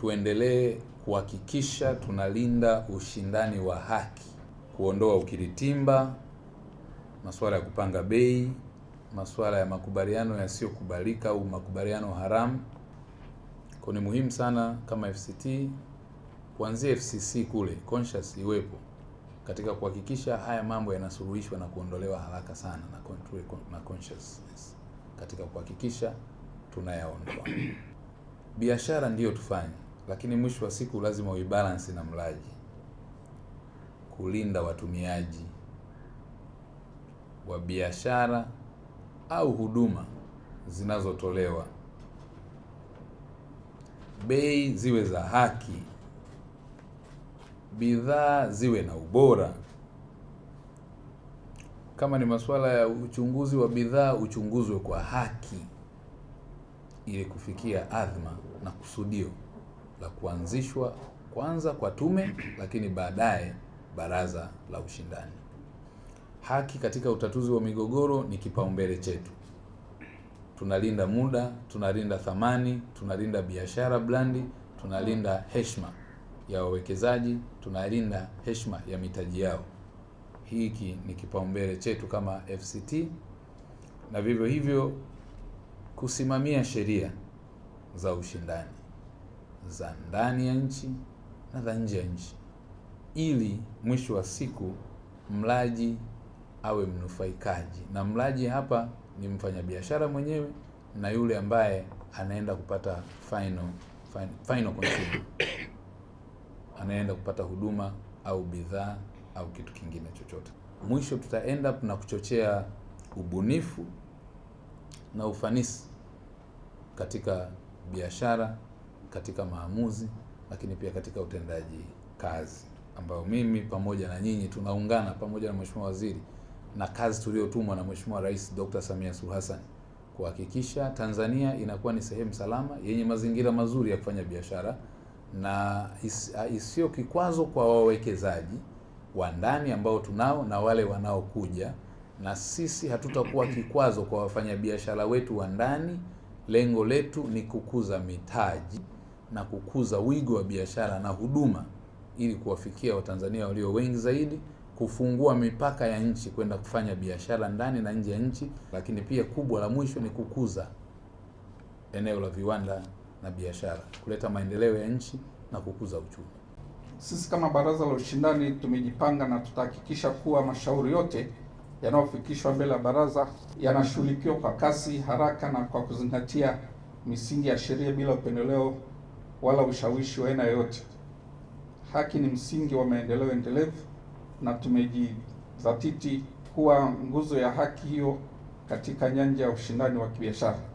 tuendelee kuhakikisha tunalinda ushindani wa haki, kuondoa ukiritimba, masuala ya kupanga bei, masuala ya makubaliano yasiyokubalika au makubaliano haramu. Kwa ni muhimu sana kama FCT kuanzia FCC kule conscious iwepo katika kuhakikisha haya mambo yanasuluhishwa na kuondolewa haraka sana na control na consciousness katika kuhakikisha tunayaondoa. Biashara ndiyo tufanye lakini mwisho wa siku lazima uibalance na mlaji, kulinda watumiaji wa biashara au huduma zinazotolewa. Bei ziwe za haki, bidhaa ziwe na ubora. Kama ni masuala ya uchunguzi wa bidhaa, uchunguzwe kwa haki ili kufikia adhma na kusudio la kuanzishwa kwanza kwa tume, lakini baadaye baraza la ushindani. Haki katika utatuzi wa migogoro ni kipaumbele chetu. Tunalinda muda, tunalinda thamani, tunalinda biashara blandi, tunalinda heshima ya wawekezaji, tunalinda heshima ya mitaji yao. Hiki ni kipaumbele chetu kama FCT, na vivyo hivyo kusimamia sheria za ushindani za ndani ya nchi na za nje ya nchi, ili mwisho wa siku mlaji awe mnufaikaji, na mlaji hapa ni mfanyabiashara mwenyewe na yule ambaye anaenda kupata final, final, consumer anaenda kupata huduma au bidhaa au kitu kingine chochote. Mwisho tutaenda na kuchochea ubunifu na ufanisi katika biashara katika maamuzi, lakini pia katika utendaji kazi, ambayo mimi pamoja na nyinyi tunaungana pamoja na Mheshimiwa Waziri na kazi tuliyotumwa na Mheshimiwa Rais Dr. Samia Suluhu Hassan kuhakikisha Tanzania inakuwa ni sehemu salama yenye mazingira mazuri ya kufanya biashara na is, ah, isiyo kikwazo kwa wawekezaji wa ndani ambao tunao na wale wanaokuja, na sisi hatutakuwa kikwazo kwa wafanyabiashara wetu wa ndani. Lengo letu ni kukuza mitaji na kukuza wigo wa biashara na huduma ili kuwafikia Watanzania walio wengi zaidi, kufungua mipaka ya nchi kwenda kufanya biashara ndani na nje ya nchi. Lakini pia kubwa la mwisho ni kukuza eneo la viwanda na biashara, kuleta maendeleo ya nchi na kukuza uchumi. Sisi kama Baraza la Ushindani tumejipanga na tutahakikisha kuwa mashauri yote yanayofikishwa mbele ya baraza yanashughulikiwa kwa kasi, haraka na kwa kuzingatia misingi ya sheria bila upendeleo wala ushawishi wa aina yoyote. Haki ni msingi wa maendeleo endelevu na tumejizatiti kuwa nguzo ya haki hiyo katika nyanja ya ushindani wa kibiashara.